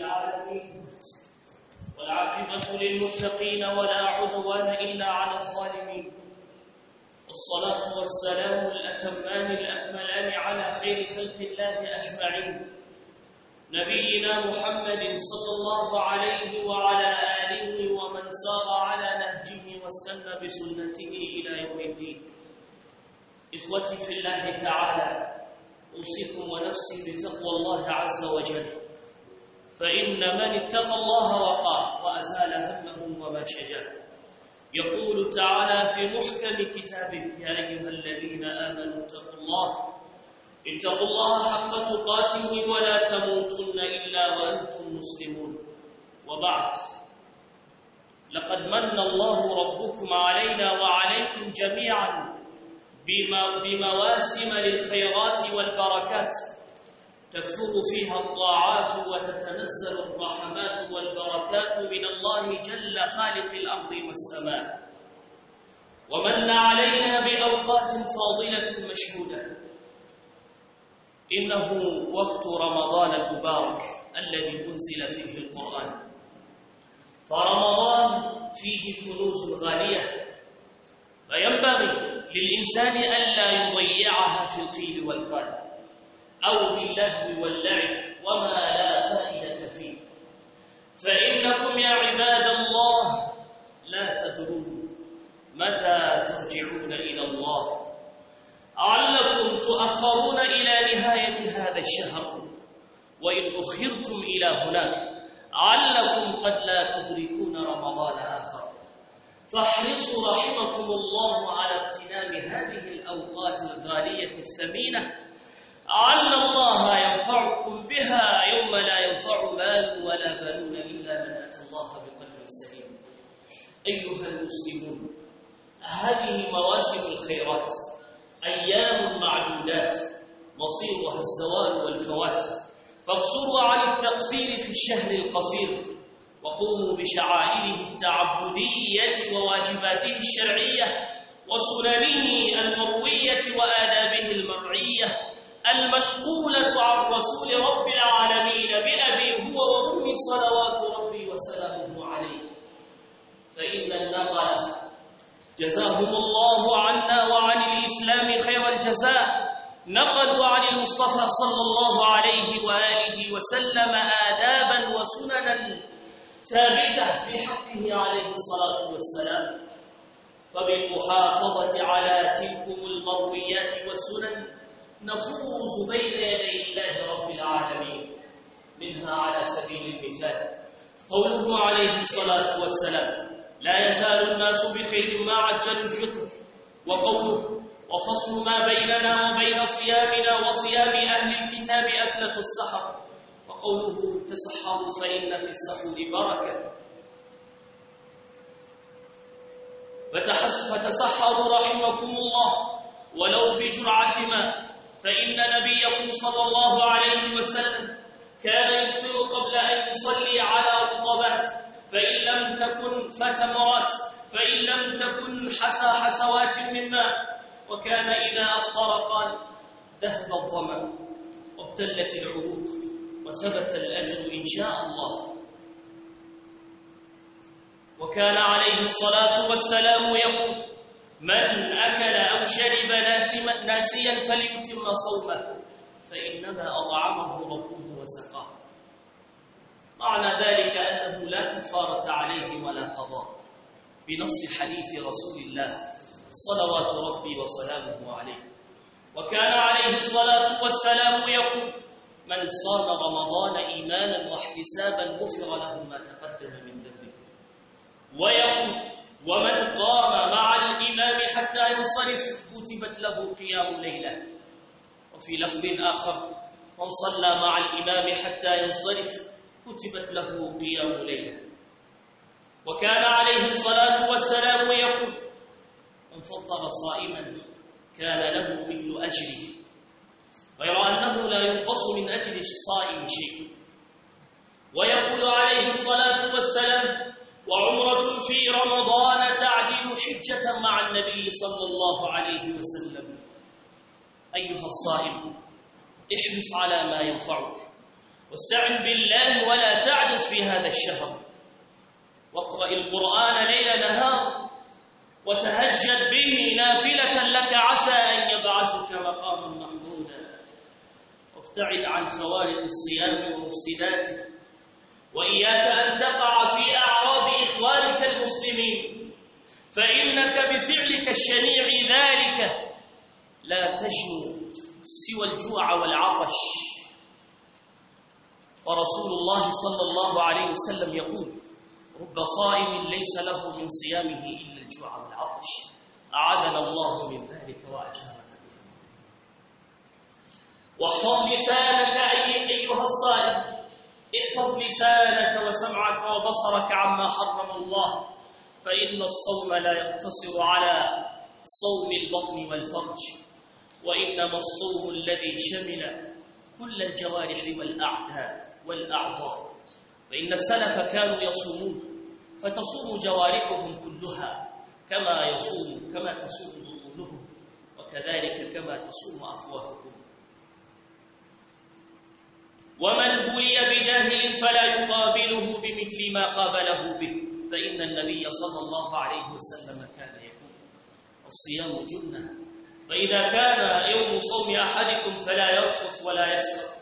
العالمين والعاقبة للمتقين ولا عدوان إلا على الظالمين والصلاة والسلام الأتمان الأكملان على خير خلق الله أجمعين نبينا محمد صلى الله عليه وعلى آله ومن سار على نهجه واستنى بسنته إلى يوم الدين إخوتي في الله تعالى أوصيكم ونفسي بتقوى الله عز وجل فإن من اتقى الله وقاه وأزال همه وما شجاه يقول تعالى في محكم كتابه يا أيها الذين آمنوا اتقوا الله اتقوا الله حق تقاته ولا تموتن إلا وأنتم مسلمون وبعد لقد من الله ربكم علينا وعليكم جميعا بمواسم للخيرات والبركات تكثر فيها الطاعات وتتنزل الرحمات والبركات من الله جل خالق الأرض والسماء ومن علينا بأوقات فاضلة مشهودة إنه وقت رمضان المبارك الذي أنزل فيه القرآن فرمضان فيه كنوز غالية فينبغي للإنسان ألا يضيعها في القيل والقال أو باللهو واللعب وما لا فائدة فيه فإنكم يا عباد الله لا تدرون متى ترجعون إلى الله علكم تؤخرون إلى نهاية هذا الشهر وإن أخرتم إلى هناك علكم قد لا تدركون رمضان آخر فاحرصوا رحمكم الله على اغتنام هذه الأوقات الغالية الثمينة أعل الله ينفعكم بها يوم لا ينفع مال ولا بنون إلا من أتى الله بقلب سليم أيها المسلمون هذه مواسم الخيرات أيام معدودات مصيرها الزوال والفوات فاقصروا عن التقصير في الشهر القصير وقوموا بشعائره التعبدية وواجباته الشرعية وسننه المروية وآدابه المرعية المنقولة عن رسول رب العالمين بأبي هو وأمي صلوات ربي وسلامه عليه فإن النقل جزاهم الله عنا وعن الإسلام خير الجزاء نقلوا عن المصطفى صلى الله عليه وآله وسلم آدابا وسننا ثابتة في حقه عليه الصلاة والسلام فبالمحافظة على تلكم المرويات والسنن نفوز بين يدي الله رب العالمين منها على سبيل المثال قوله عليه الصلاة والسلام لا يزال الناس بخير ما عجل الفطر وقوله وفصل ما بيننا وبين صيامنا وصيام أهل الكتاب أكلة السحر وقوله تسحروا فإن في السحور بركة فتسحروا رحمكم الله ولو بجرعة ماء فإن نبيكم صلى الله عليه وسلم كان يفطر قبل أن يصلي على رطبات فإن لم تكن فتمرات فإن لم تكن حسى حسوات من ماء وكان إذا أفطر قال ذهب الظمأ وابتلت العروق وثبت الأجر إن شاء الله وكان عليه الصلاة والسلام يقول من أكل أو شرب ناسيا فليتم صومه فإنما أطعمه ربه وسقاه معنى ذلك أنه لا كفارة عليه ولا قضاء بنص حديث رسول الله صلوات ربي وسلامه عليه وكان عليه الصلاة والسلام يقول من صام رمضان إيمانا واحتسابا غفر له ما تقدم من ذنبه ويقول ومن قام مع الإمام حتى ينصرف كتبت له قيام ليلة وفي لفظ آخر من صلى مع الإمام حتى ينصرف كتبت له قيام ليلة وكان عليه الصلاة والسلام يقول من فطر صائما كان له مثل أجره غير أنه لا ينقص من أجل الصائم شيء ويقول عليه الصلاة والسلام وعمرة في رمضان تعدل حجة مع النبي صلى الله عليه وسلم أيها الصائم احرص على ما ينفعك واستعن بالله ولا تعجز في هذا الشهر واقرأ القرآن ليل نهار وتهجد به نافلة لك عسى أن يبعثك مقاما محمودا وابتعد عن خوارق الصيام ومفسداته وإياك أن تقع في أعراض إخوانك المسلمين فإنك بفعلك الشنيع ذلك لا تجنو سوى الجوع والعطش فرسول الله صلى الله عليه وسلم يقول رب صائم ليس له من صيامه إلا الجوع والعطش أعاذنا الله من ذلك وأجهرنا به واحفظ لسانك أيها الصائم احفظ لسانك وسمعك وبصرك عما حرم الله فإن الصوم لا يقتصر على صوم البطن والفرج وإنما الصوم الذي شمل كل الجوارح والأعداء والأعضاء فإن السلف كانوا يصومون فتصوم جوارحهم كلها كما يصوم كما تصوم بطونهم وكذلك كما تصوم أفواههم ومن بلي بجهل فلا يقابله بمثل ما قابله به فإن النبي صلى الله عليه وسلم كان يقول الصيام جنة فإذا كان يوم صوم أحدكم فلا يرفث ولا يسرق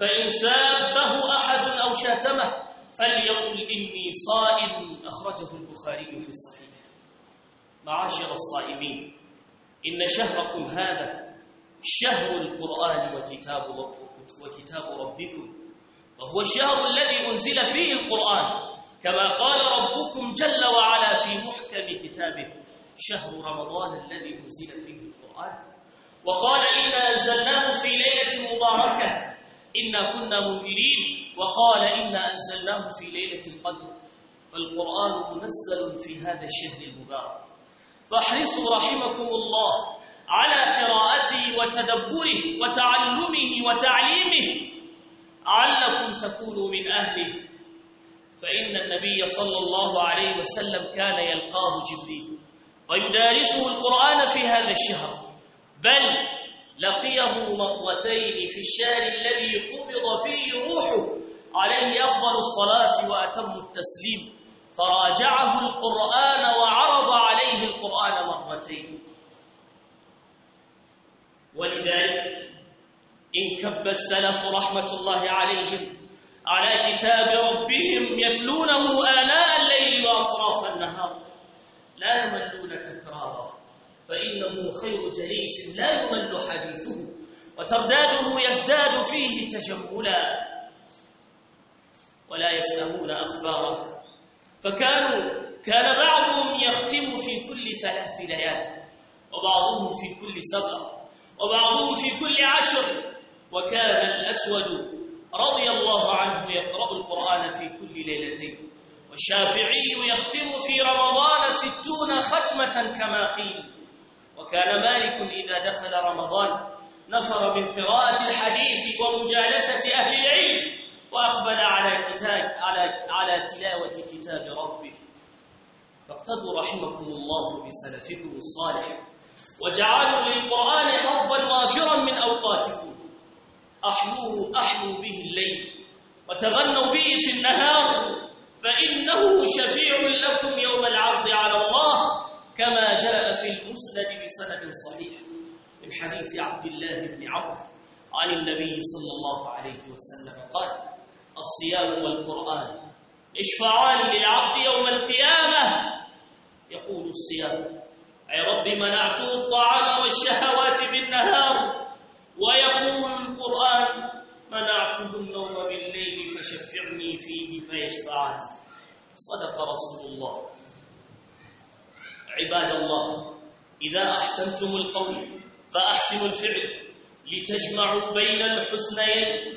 فإن سابه أحد أو شاتمه فليقل إني صائم أخرجه البخاري في الصحيح معاشر الصائمين إن شهركم هذا شهر القرآن وكتاب ربكم وكتاب ربكم فهو الشهر الذي أنزل فيه القرآن كما قال ربكم جل وعلا في محكم كتابه شهر رمضان الذي أنزل فيه القرآن وقال إنا أنزلناه في ليلة مباركة إنا كنا منذرين وقال إنا أنزلناه في ليلة القدر فالقرآن منزل في هذا الشهر المبارك فاحرصوا رحمكم الله على قراءته وتدبره وتعلمه وتعليمه علكم تكونوا من أهله فإن النبي صلى الله عليه وسلم كان يلقاه جبريل فيدارسه القرآن في هذا الشهر بل لقيه مرتين في الشهر الذي قبض فيه روحه عليه أفضل الصلاة وأتم التسليم فراجعه القرآن وعرض عليه القرآن مرتين ولذلك انكب السلف رحمة الله عليهم على كتاب ربهم يتلونه آلاء الليل وأطراف النهار لا يملون تكراره فإنه خير جليس لا يمل حديثه وترداده يزداد فيه تجملا ولا يسلمون أخباره فكانوا كان بعضهم يختم في كل ثلاث ليال وبعضهم في كل سبعه وبعضهم في كل عشر وكان الأسود رضي الله عنه يقرأ القرآن في كل ليلتين والشافعي يختم في رمضان ستون ختمة كما قيل وكان مالك إذا دخل رمضان نفر من قراءة الحديث ومجالسة أهل العلم وأقبل على كتاب على على تلاوة كتاب ربه فاقتدوا رحمكم الله بسلفكم الصالح وجعلوا للقرآن حظا وافرا من أوقاتكم أحلوه أحلوا به الليل وتغنوا به في النهار فإنه شفيع لكم يوم العرض على الله كما جاء في المسند بسند صحيح من حديث عبد الله بن عمر عن النبي صلى الله عليه وسلم قال الصيام والقرآن اشفعان للعبد يوم القيامة يقول الصيام أي رب منعته الطعام والشهوات بالنهار ويقول القرآن منعته النوم بالليل فشفعني فيه فيشفعني صدق رسول الله عباد الله إذا أحسنتم القول فأحسنوا الفعل لتجمعوا بين الحسنيين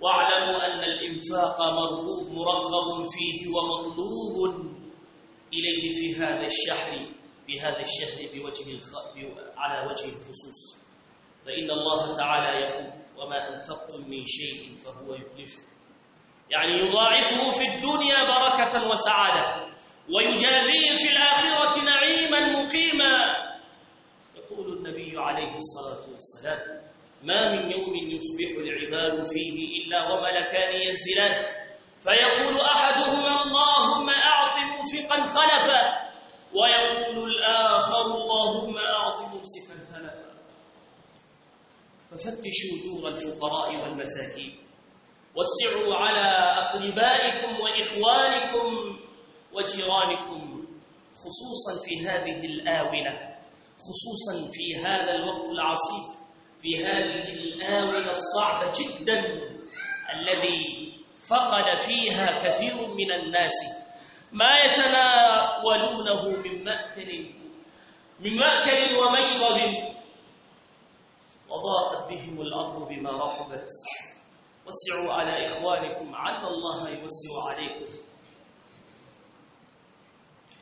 واعلموا أن الإنفاق مرغوب مرغب فيه ومطلوب إليه في هذا الشهر بهذا الشهر بوجه الخ... على وجه الخصوص فإن الله تعالى يقول وما أنفقتم من شيء فهو يخلفه يعني يضاعفه في الدنيا بركة وسعادة ويجازيه في الآخرة نعيما مقيما يقول النبي عليه الصلاة والسلام ما من يوم يصبح العباد فيه إلا وملكان ينزلان فيقول أحدهما اللهم أعط منفقا خلفا ويقول الآخر اللهم أعطي ممسكا تلفا ففتشوا دور الفقراء والمساكين وسعوا على أقربائكم وإخوانكم وجيرانكم خصوصا في هذه الآونة خصوصا في هذا الوقت العصيب في هذه الآونة الصعبة جدا الذي فقد فيها كثير من الناس ما يتناولونه من مأكل من مأكل ومشرب وضاقت بهم الأرض بما رحبت وسعوا على إخوانكم عل الله يوسع عليكم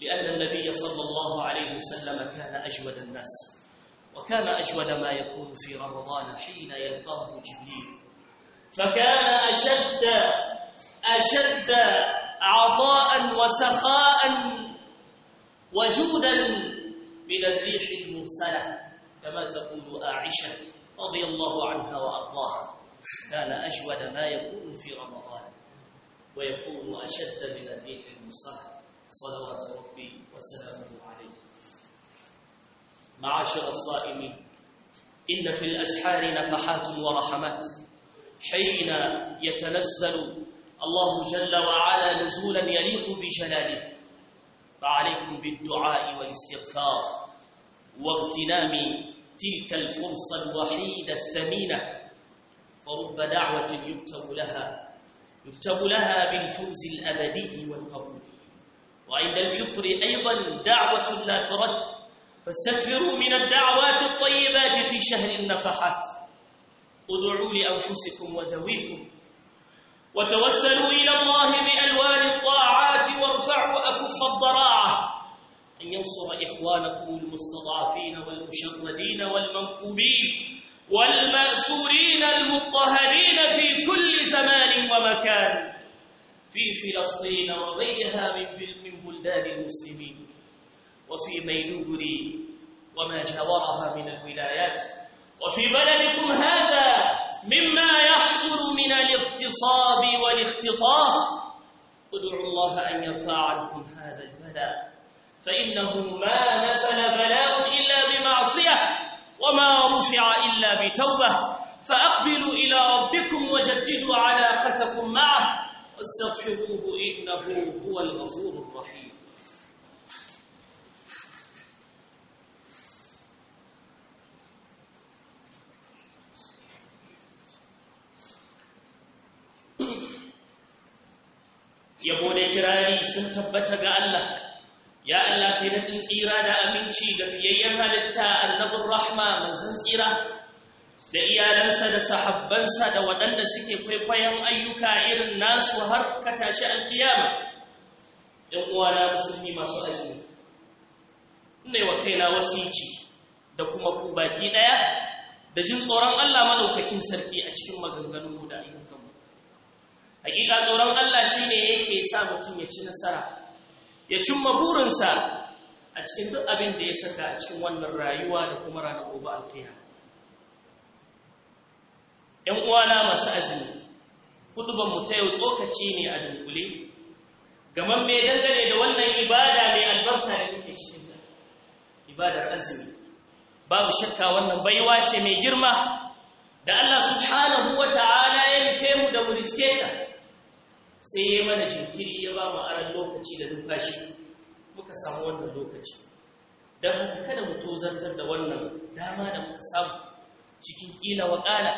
لأن النبي صلى الله عليه وسلم كان أجود الناس وكان أجود ما يكون في رمضان حين يلقاه جبريل فكان أشد أشد عطاء وسخاء وجودا من الريح المرسلة كما تقول آعشة رضي الله عنها وأرضاها كان أجود ما يكون في رمضان ويكون أشد من الريح المرسلة صلوات ربي وسلامه عليه معاشر الصائمين إن في الأسحار نفحات ورحمات حين يتنزل الله جل وعلا نزولا يليق بجلاله فعليكم بالدعاء والاستغفار واغتنام تلك الفرصة الوحيدة الثمينة فرب دعوة يكتب لها يكتب لها بالفوز الأبدي والقبول وعند الفطر أيضا دعوة لا ترد فاستكثروا من الدعوات الطيبات في شهر النفحات ادعوا لأنفسكم وذويكم وتوسلوا إلى الله بألوان الطاعات وارفعوا أكف الضراعة أن ينصر إخوانكم المستضعفين والمشردين والمنكوبين والمأسورين المضطهدين في كل زمان ومكان في فلسطين وغيرها من من بلدان المسلمين وفي ميدوغري وما جاورها من الولايات وفي بلدكم هذا مما يحصل من الاغتصاب والاختطاف ادعوا الله أن يرفع عنكم هذا البلاء فإنه ما نزل بلاء إلا بمعصية وما رفع إلا بتوبة فأقبلوا إلى ربكم وجددوا علاقتكم معه واستغفروه إنه هو الغفور الرحيم sun tabbata ga Allah ya Allah kai daɗin tsira da aminci ga fiyayyen halitta annabin rahma manzon tsira da iyalansa da sahabbansa da waɗanda suke kwaikwayon ayyuka irin nasu har ka tashi alkiyama ‘yan uwana musulmi masu azumi ne wa kaina wasici da kuma ku baki ɗaya da jin tsoron Allah malaukakin sarki a cikin maganganu hakika tsoron Allah shi shine yake sa mutum ya ci nasara ya cimma burinsa a cikin duk abin da ya saka a cikin wannan rayuwa da kuma ranar gobe alkiya. ‘yan uwana masu azumi huduban mu ta yau tsokaci ne a dunkule gaman mai dangane da wannan ibada mai albarka da muke cikinta ibadar azumi babu shakka wannan baiwa ce mai girma da Allah subhanahu wa ta'ala ya rike mu da mu riske ta sai ya mana jinkiri ya ba mu aran lokaci da numfashi muka samu wannan lokaci don haka kada mu tozantar da wannan dama da muka samu cikin ƙila wa ƙala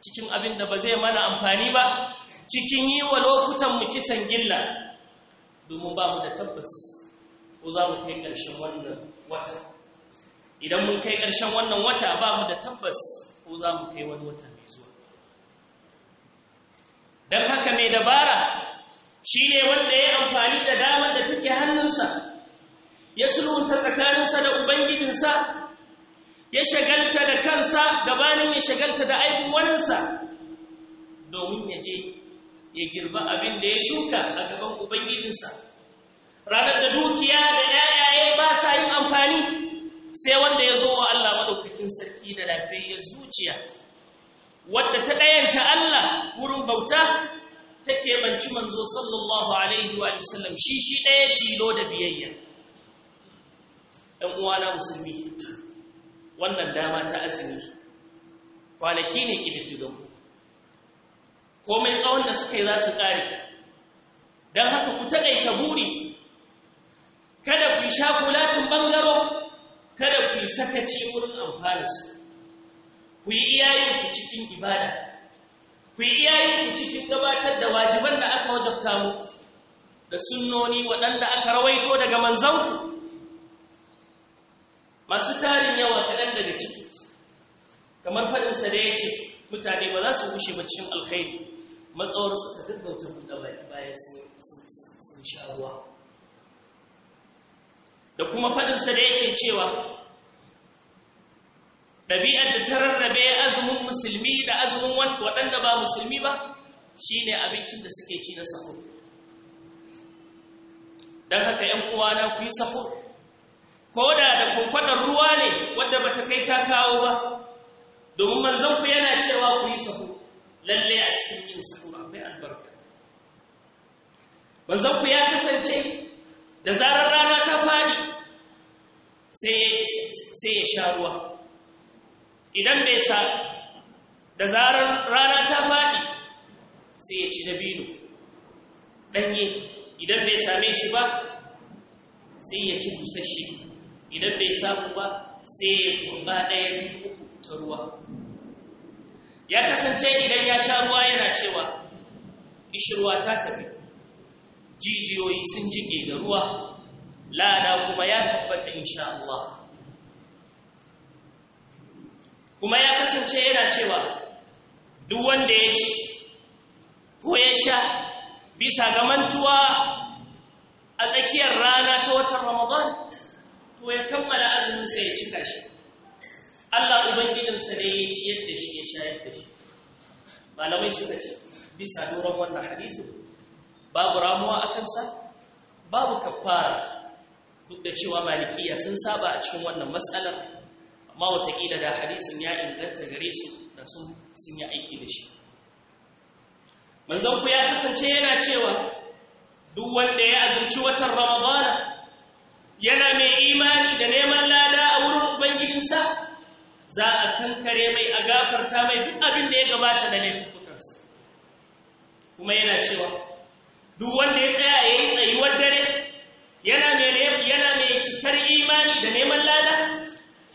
cikin abin da ba zai mana amfani ba cikin yi wa lokutanmu kisan gilla domin ba mu da tabbas ko za mu kai ƙarshen wannan wata idan mun kai ƙarshen wannan wata ba mu da tabbas ko za mu kai wani wata don haka mai dabara shi ne wanda ya amfani da damar da take hannunsa ya sulhunta tsakaninsa da ubangijinsa ya shagalta da kansa gabanin ya shagalta da aibin waninsa domin ya je ya girba abin da ya shuka a gaban ubangijinsa ranar da dukiya da yayaye ba sa yin amfani sai wanda ya zo wa Allah maɗaukakin sarki da lafiyar zuciya wadda ta ɗayanta Allah wurin bauta ta keɓanci manzo sallallahu alaihi wa sallam shi shi ɗaya tilo da biyayya ɗan uwana musulmi wannan dama ta azumi kwanaki ne ƙididdigan komai tsawon da suka yi za su ƙare don haka ku taƙaita buri kada ku yi shakulatin ɓangaro kada ku yi sakaci wurin su. ku yi iyayenku cikin ibada ku yi iyayenku cikin gabatar da wajiban da aka wajabta mu da sunnoni waɗanda aka rawaito daga manzanku masu tarin yawa kaɗan daga ciki kamar faɗinsa da ya ce mutane ba za su gushe ba cikin alkhairi matsawar suka gaggauta da baki bayan sun sha ruwa da kuma faɗinsa da yake cewa ɗabi'ar da ta rarrabe azumin musulmi da azumin waɗanda ba musulmi ba shi ne abincin da suke ci na sahur don haka ‘yan uwana ku yi sahur ko da da kwakwadar ruwa ne wadda ba ta kai ta kawo ba domin manzanku yana cewa ku yi sahur lalle a cikin yin sahur akwai albarka manzanku ya kasance da zarar rana ta faɗi sai ya sha ruwa idan bai sa da zarar rana ta faɗi sai ya ci dabino ɗanye idan bai same shi ba sai ya ci busasshe idan bai samu ba sai ya kurba ɗaya biyu uku ta ruwa ya kasance idan ya sha ruwa yana cewa kishirwa ta tafi jijiyoyi sun jiƙe da ruwa lada kuma ya tabbata insha Allah kuma ya kasance yana cewa duk wanda ya ci ko ya sha bisa ga mantuwa a tsakiyar rana ta watan ramadan to ya kammala azumin sa ya cika shi allah ubangijinsa ne ya ci yadda shi ya shayar da shi malamai suka ce bisa doron wannan hadisi babu ramuwa akan kansa babu kafara duk da cewa malikiya sun saba a cikin wannan matsalar amma wataƙila da hadisin ya inganta gare su da sun yi aiki da shi manzon ku ya kasance yana cewa duk wanda ya azurci watan ramadana yana mai imani da neman lada a wurin ubangijinsa za a kankare mai a gafarta mai duk abin da ya gabata da laifukansa kuma yana cewa duk wanda ya tsaya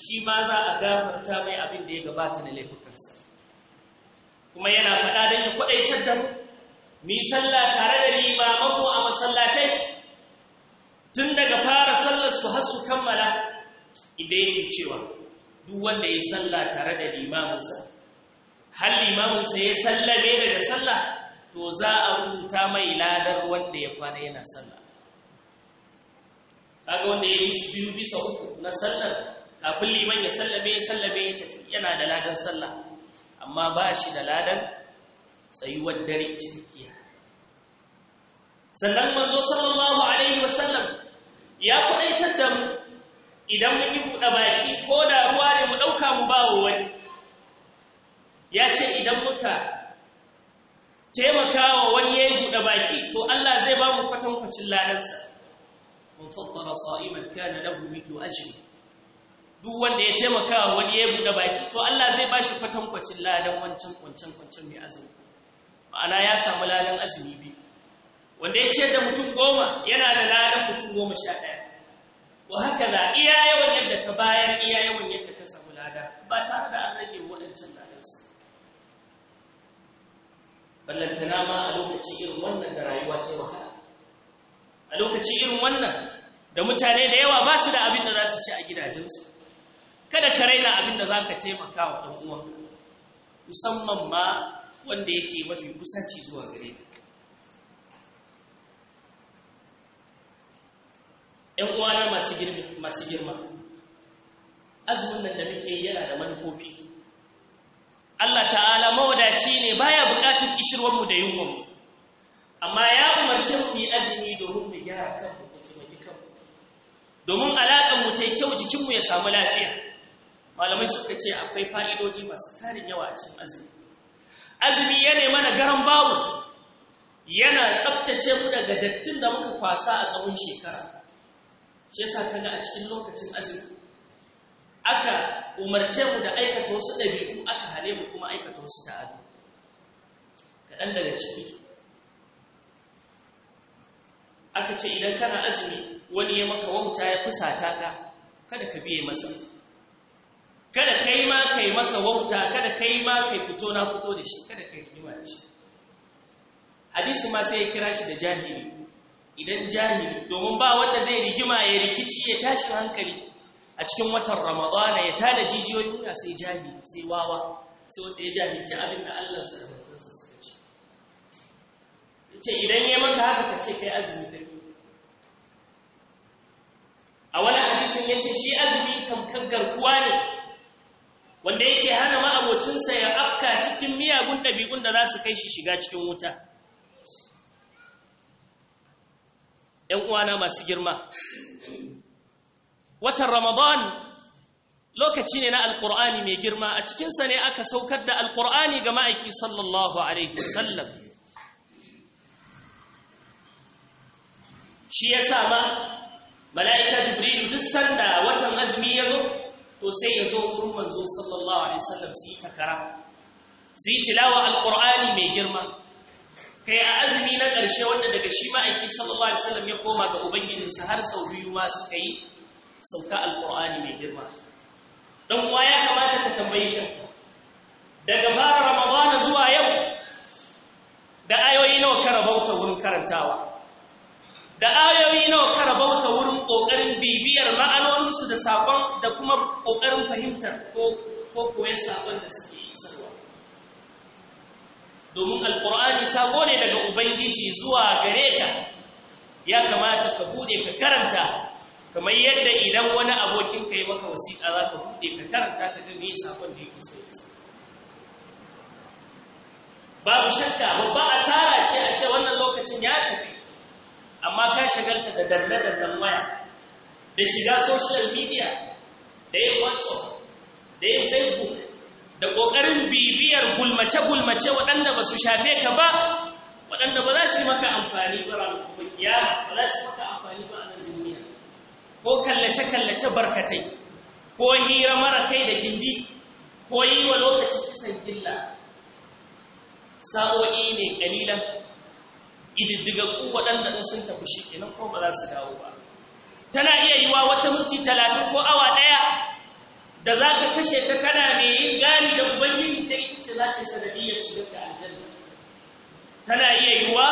shi ma za a gafarta mai abin da ya gabata na laifukansa kuma yana faɗa don ya kwaɗaitar da mu mu yi sallah tare da mako a masallatai tun daga fara sallar su har su kammala inda yake cewa duk wanda ya sallah tare da limaminsa har limaminsa ya sallame daga sallah to za a rubuta mai ladar wanda ya kwana yana sallah kaga wanda ya yi biyu bisa uku na sallar kafin liman ya sallame ya sallame ya tafi yana da ladan sallah amma ba shi da ladan tsayuwar dare cikakkiya sannan manzo sallallahu alaihi wasallam ya kudaitar da mu idan mun yi buɗe baki ko da ruwa ne mu ɗauka mu ba wa wani ya ce idan muka taimaka wa wani ya yi buɗe baki to Allah zai ba mu kwatankwacin ladansa mun fattara sa'iman kana lahu mithlu ajri duk wanda ya taimaka wa wani ya buɗe baki to Allah zai ba shi kwatankwacin ladan wancan kwancan kwancan mai azumi ma'ana ya samu ladan azumi biyu wanda ya ce da mutum goma yana da ladan mutum goma sha ɗaya wa haka na iya yawan yadda ka bayar iya yawan yadda ka samu lada ba tare da an rage waɗancan ladansu ballantana ma a lokaci irin wannan da rayuwa ta wahala a lokaci irin wannan da mutane da yawa ba su da abin da za su ci a gidajensu kada ka raina abin da za ka taimaka wa ɗan uwan, musamman ma wanda yake mafi kusanci zuwa gare ka ‘yan uwana masu girma azumin nan da muke yana da manufofi Allah ta'ala mawadaci ne baya buƙatar mu da yunwanmu amma ya umarce mu yi azumi domin mu gyara kanmu da taimaki kanmu domin alaƙar mu ta kyau jikinmu ya samu lafiya malamai suka ce akwai fa'idoji masu tarin yawa a cikin azumi azumi yana mana garan bawo yana tsabtace mu daga dattin da muka kwasa a tsawon shekara shi yasa kaga a cikin lokacin azumi aka umarce mu da aikata wasu ɗabi'u aka hale mu kuma aikata wasu ta'adu kaɗan daga ciki aka ce idan kana azumi wani ya maka wauta ya fusata ka kada ka biye masa kada kai ma kai masa wauta kada kai ma kai fito na fito da shi kada kai rigima da shi hadisi ma sai ya kira shi da jahili idan jahili domin ba wanda zai rigima ya rikici ya tashi hankali a cikin watan ramadana ya tada jijiyoyin ya sai jahili sai wawa sai wanda ya jahilci abin da Allah sa da manzansa suka ce yace idan ya maka haka ka ce kai azumi da a wani hadisin yace shi azumi tamkar garkuwa ne wanda yake hana ma'abocinsa ya afka cikin miyagun ɗabi'un da za su kai shi shiga cikin wuta ‘yan masu girma watan ramadan lokaci ne na alkur'ani mai girma a cikinsa ne aka saukar da alkur'ani ga ma'aiki sallallahu alaihi sallam. shi ya sa ma mala'ika jibrilu duk sanda watan azumi ya zo to sai ya zo wurin manzo sallallahu alaihi wasallam su yi takara su yi tilawa alqur'ani mai girma kai a azumi na ƙarshe wanda daga shi ma'aiki sallallahu alaihi wasallam ya koma ga ubangijinsa har sau biyu ma suka yi sauka alqur'ani mai girma dan uwa ya kamata ka tambayi ka. daga fara ramadana zuwa yau da ayoyi nawa ka rabauta wurin karantawa da ayoyi nawa ka rabauta wurin ƙoƙarin bibiyar ma'anoninsu da saƙon da kuma ƙoƙarin fahimtar ko koyon saƙon da suke isarwa domin alƙur'ani sabo ne daga ubangiji zuwa gare ka ya kamata ka buɗe ka karanta kamar yadda idan wani abokin ka yi maka wasiƙa za ka buɗe ka karanta ka ga me saƙon da yake so babu shakka babba asara ce a ce wannan lokacin ya tafi amma ka shagalta da dalle-dallen waya da shiga social media da yin whatsapp da yin facebook da ƙoƙarin bibiyar gulmace-gulmace waɗanda ba su shafe ka ba waɗanda ba za su yi maka amfani ba ranakun kiyama ba za su maka amfani ba a nan duniya ko kallace-kallace barkatai ko hira mara kai da gindi ko yi wa lokaci kisan gilla sa'o'i ne ƙalilan ƙididdigaggu waɗanda in sun tafi shi kenan ko ba za su dawo ba tana iya yi wa wata minti talatin ko awa ɗaya da za ka kashe ta kana mai yin gari da ubangiji ta yi ce za ta sanadiyyar shigar da aljanna tana iya yi wa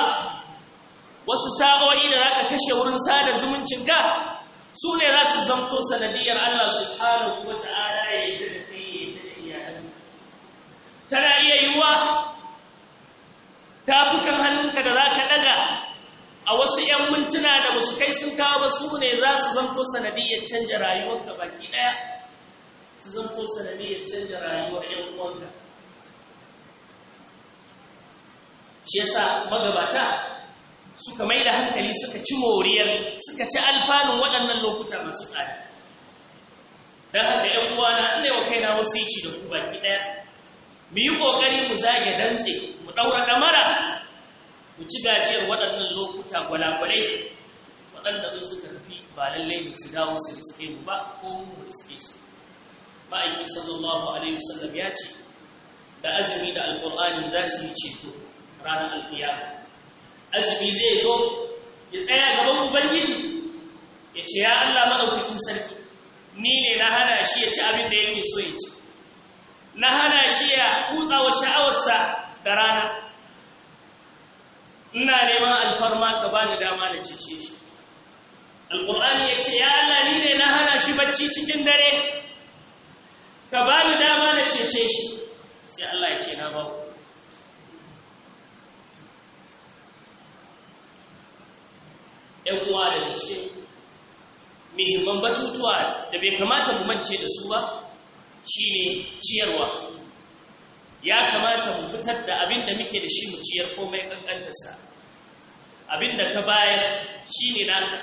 wasu sa'o'i da za ka kashe wurin sada zumuncin ga? su ne za su zamto sanadiyar Allah subhanahu wa ta'ala ya yi da kai ya yi da iyalan tana iya yi wa. tafukan hannunka da za ka ɗaga a wasu 'yan mintuna da musu kai sun kawo ba su ne za su zanto sanadiyyar canja rayuwarka baki ɗaya su zanto sanadiyyar canja rayuwar 'yan uwanka shi yasa magabata suka mai da hankali suka ci moriyar suka ci alfanun waɗannan lokuta masu tsari don haka ‘yan uwana ina yau kaina wasu yi ci da ku baki ɗaya mu yi ƙoƙari mu zage dantse mu ɗaura ɗamara mu ci gajiyar waɗannan lokuta gwalagwalai waɗanda su suka tafi ba lallai ne su dawo su riske mu ba ko mu riske su ma'aiki sallallahu alaihi wasallam ya ce da azumi da alƙur'ani za su yi ceto ranar alƙiyama azumi zai zo ya tsaya gaban ubangiji ya ce ya Allah madaukakin sarki ni ne na hana shi ya ci abin da yake so ya ci na hana shi ya kutsa wa sha'awarsa da rana ina neman alfarma ka bani dama na cece shi alƙur'ani ya ce ya Allah ni ne na hana shi bacci cikin dare ka bani dama na cece shi sai Allah ya ce na ba Ƴan uwa da ce muhimman batutuwa da bai kamata mu mance da su ba shine ciyarwa ya kamata mu fitar da abin da muke da shi mu ciyar komai kankantarsa abin da ka bayar shine naka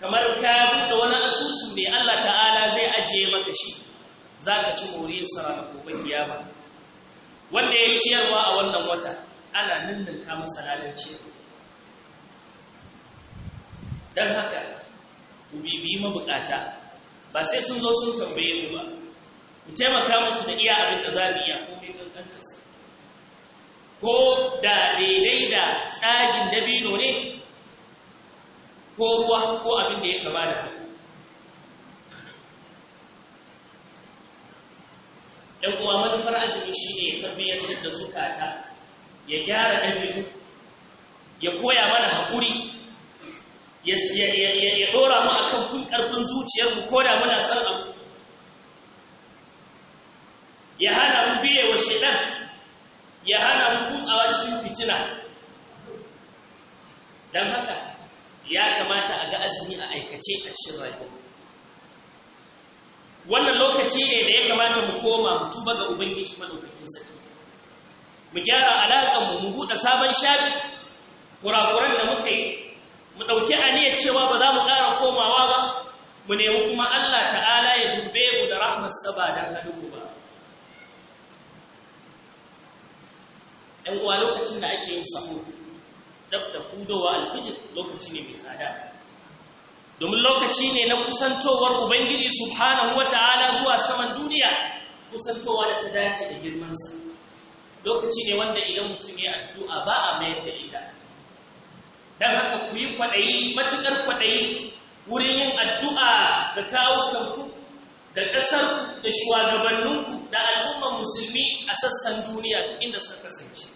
kamar ka buɗe wani asusu ne Allah ta'ala zai ajiye maka shi za ka ci sa ranar gobe kiyama wanda ya ciyarwa a wannan wata ana ninninka masa ranar ciyarwa don haka ku bibiyi mabukata ba sai sun zo sun tambaye mu ba mu taimaka musu da iya abin da za mu iya ko mai ko da daidai da tsagin dabino ne ko ruwa ko abin da ya kama da ɗan uwa manufar azumi shi ne ya tarbiyyantar da zukata ya gyara ɗabi'u ya koya mana haƙuri ya dora mu akan kun karfin zuciyarmu ko da muna son abu ya hana mu biye wa shaidan ya hana mu kutsawa cikin fitina don haka ya kamata a ga azumi a aikace a cikin rayuwa wannan lokaci ne da ya kamata mu koma mu tuba ga ubangiji malaukakin sarki mu gyara alaƙar mu mu buɗe sabon shafi kurakuran da muka yi mu dauki aniyar cewa ba za mu ƙara komawa ba mu nemi kuma Allah ta'ala ya dube mu da rahmarsa ba da haduku ba ɗan uwa lokacin da ake yin sahu dab da hudowa alfijir lokaci ne mai tsada domin lokaci ne na kusantowar ubangiji subhanahu wata'ala zuwa saman duniya kusantowa da ta dace da girmansa lokaci ne wanda idan mutum ya addu'a ba a mayar da ita dan haka ku yi kwaɗayi matuƙar kwaɗayi wurin yin addu'a da kawukanku da ƙasarku da shugabanninku da al'ummar musulmi a sassan duniya inda suka kasance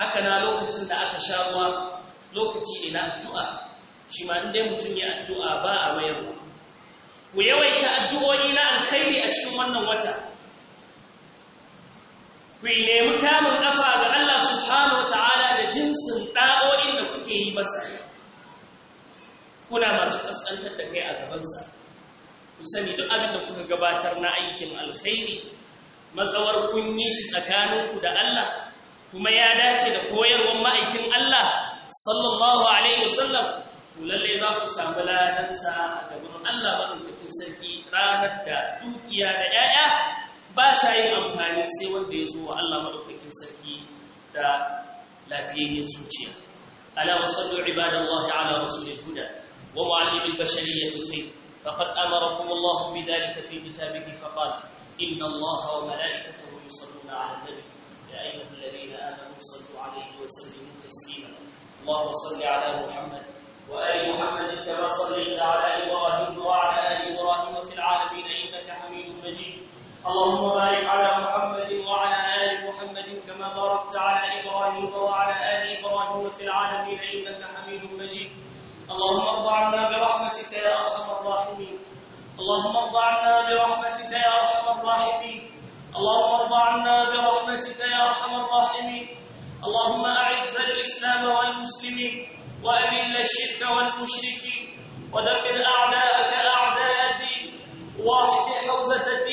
haka na lokacin da aka sha ruwa lokaci ne na addu'a shi ma dai mutum ya addu'a ba a mayar ku yawaita addu'o'i na alkhairi a cikin wannan wata ku nemi kamun ƙafa ga Allah subhanahu wa ta'ala jinsin ɗa'o'in da kuke yi masa kuna masu ƙasƙantar da kai a gabansa ku sani duk abin da kuka gabatar na aikin alkhairi matsawar kun yi shi tsakaninku da Allah kuma ya dace da koyarwar ma'aikin Allah sallallahu alaihi wasallam ku lalle za ku samu ladansa a gaban Allah maɗaukakin sarki ranar da dukiya da 'ya'ya ba sa yin amfani sai wanda ya zo wa Allah maɗaukakin sarki da لكن سوتيا الا وصلوا عباد الله على رسول الهدى ومعلم البشريه الخير فقد امركم الله بذلك في كتابه فقال ان الله وملائكته يصلون على النبي يا ايها الذين امنوا صلوا عليه وسلموا تسليما اللهم صل على محمد وال محمد كما صليت على ابراهيم وعلى ال ابراهيم في العالمين انك حميد مجيد اللهم بارك على محمد باركت على إبراهيم وعلى آل إبراهيم في العالمين إنك حميد مجيد اللهم ارض عنا برحمتك يا أرحم الراحمين اللهم ارض عنا برحمتك يا أرحم الراحمين اللهم ارض عنا برحمتك يا أرحم الراحمين اللهم أعز الإسلام والمسلمين وأذل الشرك والمشركين ودمر أعداءك أعداء الدين واحد حوزة الدين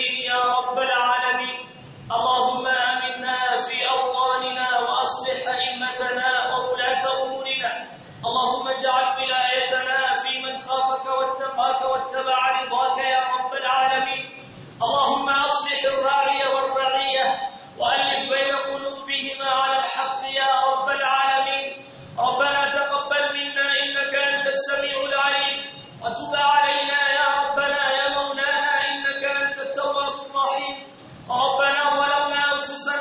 واتبع رضاك يا رب العالمين اللهم أصلح الراعي والرعية وألف بين قلوبهما على الحق يا رب العالمين ربنا تقبل منا إنك أنت السميع العليم وتب علينا يا ربنا يا مولانا إنك أنت التواب الرحيم ربنا ظلمنا أنفسنا